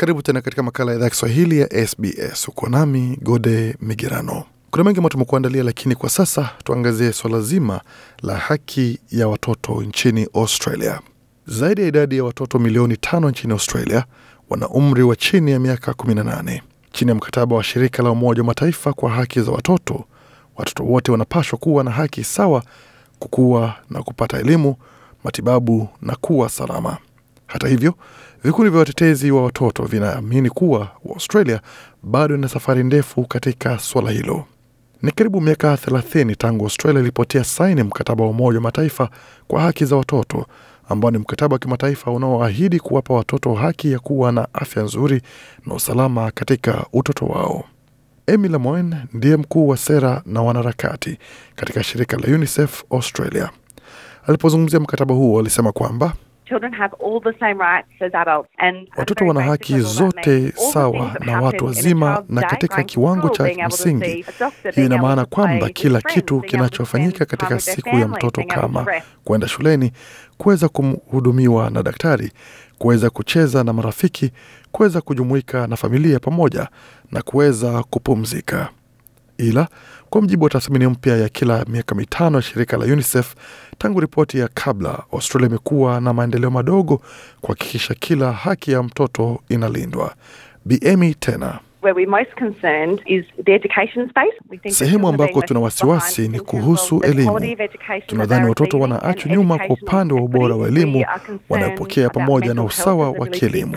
Karibu tena katika makala ya idhaa ya Kiswahili ya SBS. Uko nami Gode Migerano. Kuna mengi ambayo tumekuandalia, lakini kwa sasa tuangazie swala zima la haki ya watoto nchini Australia. Zaidi ya idadi ya watoto milioni tano nchini Australia wana umri wa chini ya miaka 18. Chini ya mkataba wa shirika la Umoja wa Mataifa kwa haki za watoto, watoto wote wanapashwa kuwa na haki sawa kukua na kupata elimu, matibabu na kuwa salama. Hata hivyo, vikundi vya watetezi wa watoto vinaamini kuwa Australia bado ina safari ndefu katika swala hilo. Ni karibu miaka 30 tangu Australia ilipotia saini mkataba wa Umoja wa Mataifa kwa haki za watoto ambao ni mkataba wa kimataifa unaoahidi kuwapa watoto haki ya kuwa na afya nzuri na usalama katika utoto wao. emi Lemoine ndiye mkuu wa sera na wanaharakati katika shirika la UNICEF Australia. Alipozungumzia mkataba huo, alisema kwamba Watoto wana haki zote sawa na watu wazima na katika kiwango cha msingi. Hiyo ina maana kwamba kila kitu kinachofanyika katika siku ya mtoto kama kwenda shuleni, kuweza kuhudumiwa na daktari, kuweza kucheza na marafiki, kuweza kujumuika na familia pamoja na kuweza kupumzika. Ila kwa mjibu wa tathmini mpya ya kila miaka mitano ya shirika la UNICEF tangu ripoti ya kabla, Australia imekuwa na maendeleo madogo kuhakikisha kila haki ya mtoto inalindwa. bm tena Sehemu ambako tuna wasiwasi ni kuhusu elimu. Tunadhani watoto wanaachwa nyuma kwa upande wa ubora wa elimu wanayopokea pamoja na usawa wa kielimu.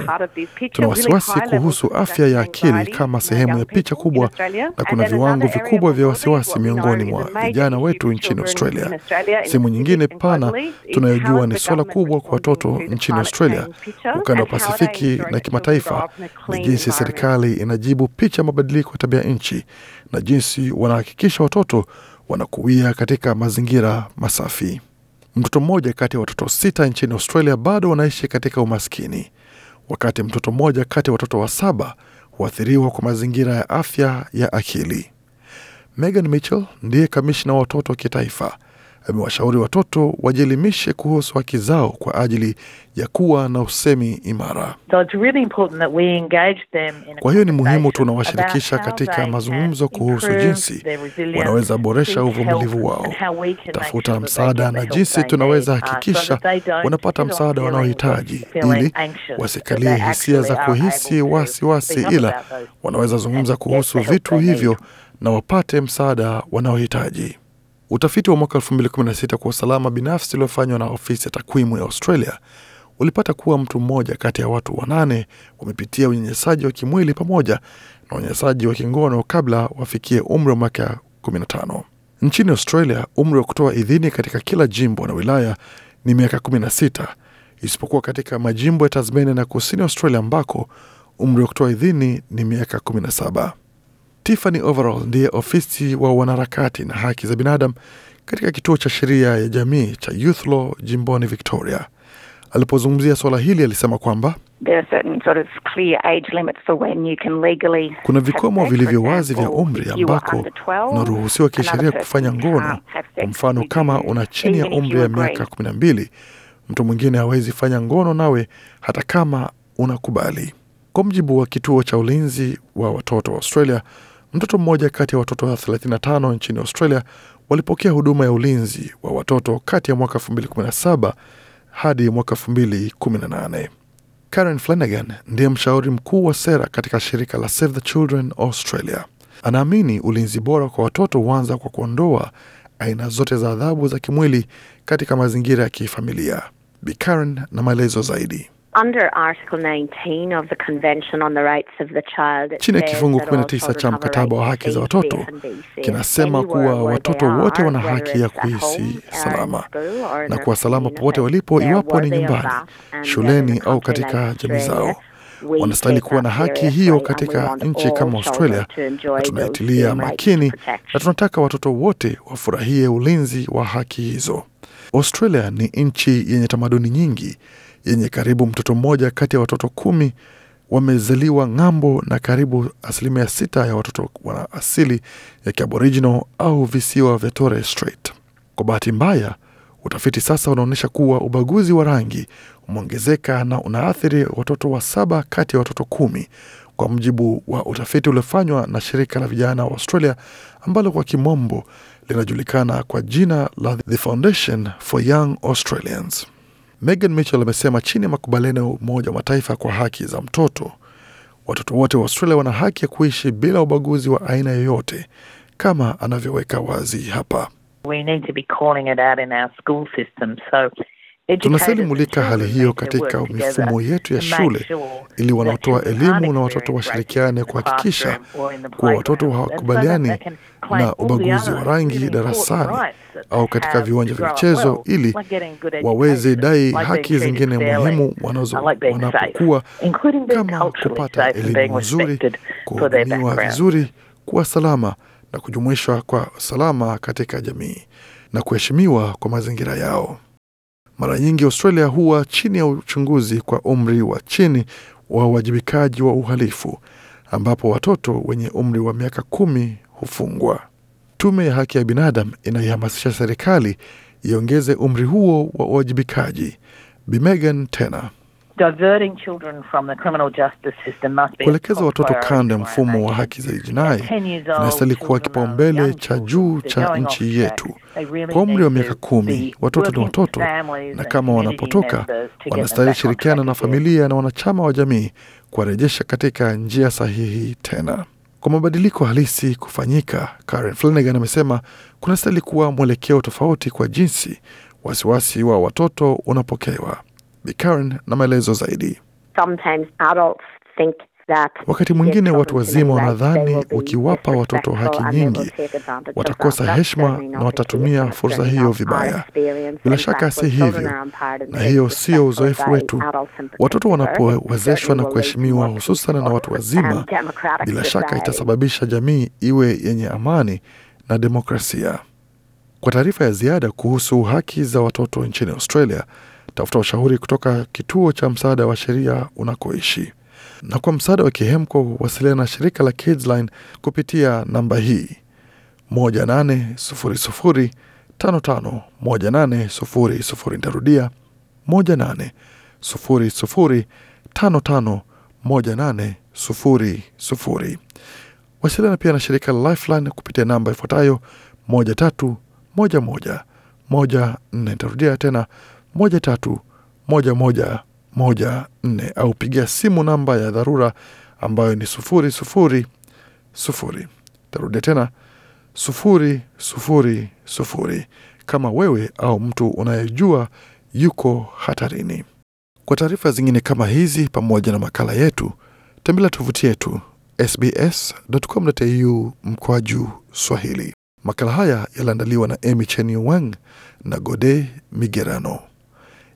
Tuna wasiwasi kuhusu afya ya akili kama sehemu ya picha kubwa, na kuna viwango vikubwa vya wasiwasi miongoni mwa vijana wetu nchini Australia. Sehemu nyingine pana tunayojua ni suala kubwa kwa watoto nchini Australia, ukanda wa Pasifiki na kimataifa, ni jinsi serikali inajibu wanajaribu picha mabadiliko ya tabia nchi na jinsi wanahakikisha watoto wanakuwia katika mazingira masafi. Mtoto mmoja kati ya watoto sita nchini Australia bado wanaishi katika umaskini, wakati mtoto mmoja kati ya watoto wa saba huathiriwa kwa mazingira ya afya ya akili. Megan Mitchell ndiye kamishna wa watoto wa kitaifa amewashauri watoto wajielimishe kuhusu haki zao kwa ajili ya kuwa na usemi imara. So really a... kwa hiyo ni muhimu tunawashirikisha katika mazungumzo kuhusu jinsi wanaweza boresha uvumilivu wao, tafuta msaada na jinsi tunaweza uh, hakikisha wanapata msaada wanaohitaji, ili wasikalie hisia za kuhisi wasiwasi, ila wanaweza zungumza kuhusu vitu hivyo na wapate msaada wanaohitaji. Utafiti wa mwaka 2016 kwa usalama binafsi uliofanywa na ofisi ya takwimu ya Australia ulipata kuwa mtu mmoja kati ya watu wanane wamepitia unyanyasaji wa kimwili pamoja na unyanyasaji wa kingono kabla wafikie umri wa miaka 15. Nchini Australia, umri wa kutoa idhini katika kila jimbo na wilaya ni miaka 16, isipokuwa katika majimbo ya Tasmania na kusini Australia ambako umri wa kutoa idhini ni miaka 17. Tiffany Overall ndiye ofisi wa wanaharakati na haki za binadamu katika kituo cha sheria ya jamii cha Youth Law jimboni Victoria. Alipozungumzia suala hili alisema kwamba kuna vikomo vilivyo wazi vya umri ambako unaruhusiwa kisheria kufanya ngono. Kwa mfano, kama una chini ya umri ya miaka kumi na mbili, mtu mwingine hawezi fanya ngono nawe hata kama unakubali. Kwa mjibu wa kituo cha ulinzi wa watoto wa Australia, Mtoto mmoja kati ya watoto 35 nchini Australia walipokea huduma ya ulinzi wa watoto kati ya mwaka 2017 hadi mwaka 2018. Karen Flanagan ndiye mshauri mkuu wa sera katika shirika la Save the Children Australia. Anaamini ulinzi bora kwa watoto huanza kwa kuondoa aina zote za adhabu za kimwili katika mazingira ya kifamilia. Bi Karen na maelezo zaidi. Chini ya kifungu 19 cha mkataba wa haki za watoto e, kinasema kuwa watoto wote wana haki ya kuishi salama na kuwa salama popote walipo, iwapo ni nyumbani, shuleni au katika jamii zao. Wanastahili kuwa na haki hiyo katika nchi kama Australia, na tunaitilia makini na tunataka watoto wote wafurahie ulinzi wa haki hizo. Australia ni nchi yenye tamaduni nyingi yenye karibu mtoto mmoja kati ya watoto kumi wamezaliwa ng'ambo na karibu asilimia sita ya watoto wana asili ya kiaboriginal au visiwa vya Torres Strait. Kwa bahati mbaya, utafiti sasa unaonyesha kuwa ubaguzi wa rangi umeongezeka na unaathiri watoto wa saba kati ya watoto kumi, kwa mujibu wa utafiti uliofanywa na shirika la vijana wa Australia ambalo kwa kimombo linajulikana kwa jina la The Foundation for Young Australians. Megan Mitchell amesema chini ya makubaliano ya Umoja wa Mataifa kwa haki za mtoto, watoto wote wa Australia wana haki ya kuishi bila ubaguzi wa aina yoyote, kama anavyoweka wazi hapa. We need to be calling it out in our school system so tunasalimulika mulika hali hiyo katika mifumo yetu ya shule ili wanaotoa elimu na watoto washirikiane kuhakikisha kuwa watoto hawakubaliani na ubaguzi wa rangi darasani au katika viwanja vya michezo, ili waweze dai haki zingine muhimu uh, wanapokuwa kama kupata elimu nzuri, kuhudumiwa vizuri, kuwa salama na kujumuishwa kwa salama katika jamii na kuheshimiwa kwa mazingira yao. Mara nyingi Australia huwa chini ya uchunguzi kwa umri wa chini wa uwajibikaji wa uhalifu, ambapo watoto wenye umri wa miaka kumi hufungwa. Tume ya haki ya binadamu inaihamasisha serikali iongeze umri huo wa uwajibikaji. bimegan tena Kuelekeza watoto kando ya mfumo wa haki za jinai inastahili kuwa kipaumbele cha juu cha nchi yetu. Kwa umri wa miaka kumi, watoto ni watoto, na kama wanapotoka, wanastahili shirikiana na familia na wanachama wa jamii kuwarejesha katika njia sahihi tena kwa mabadiliko halisi kufanyika, Karen Flanagan amesema kunastahili kuwa mwelekeo tofauti kwa jinsi wasiwasi wa watoto unapokewa bikaren Karen na maelezo zaidi. Wakati mwingine watu wazima wanadhani ukiwapa watoto haki nyingi watakosa heshima na watatumia fursa hiyo vibaya. Bila shaka si hivyo, na hiyo sio uzoefu wetu. Watoto wanapowezeshwa na kuheshimiwa, hususan na watu wazima, bila shaka itasababisha jamii iwe yenye amani na demokrasia. Kwa taarifa ya ziada kuhusu haki za watoto nchini Australia, tafuta ushauri kutoka kituo cha msaada wa sheria unakoishi. Na kwa msaada wa kihemko, wasiliana na shirika la Kidsline kupitia namba hii 1800551800. Nitarudia 1800551800. Wasiliana pia na shirika la Lifeline kupitia namba ifuatayo 1311 14. Nitarudia tena moja tatu moja moja moja nne au pigia simu namba ya dharura ambayo ni sufuri sufuri sufuri. Tarudia tena sufuri sufuri sufuri kama wewe au mtu unayejua yuko hatarini. Kwa taarifa zingine kama hizi pamoja na makala yetu tembelea tovuti yetu sbs.com.au mkwaju Swahili. Makala haya yaliandaliwa na Emy Chenyu Wang na Gode Migerano.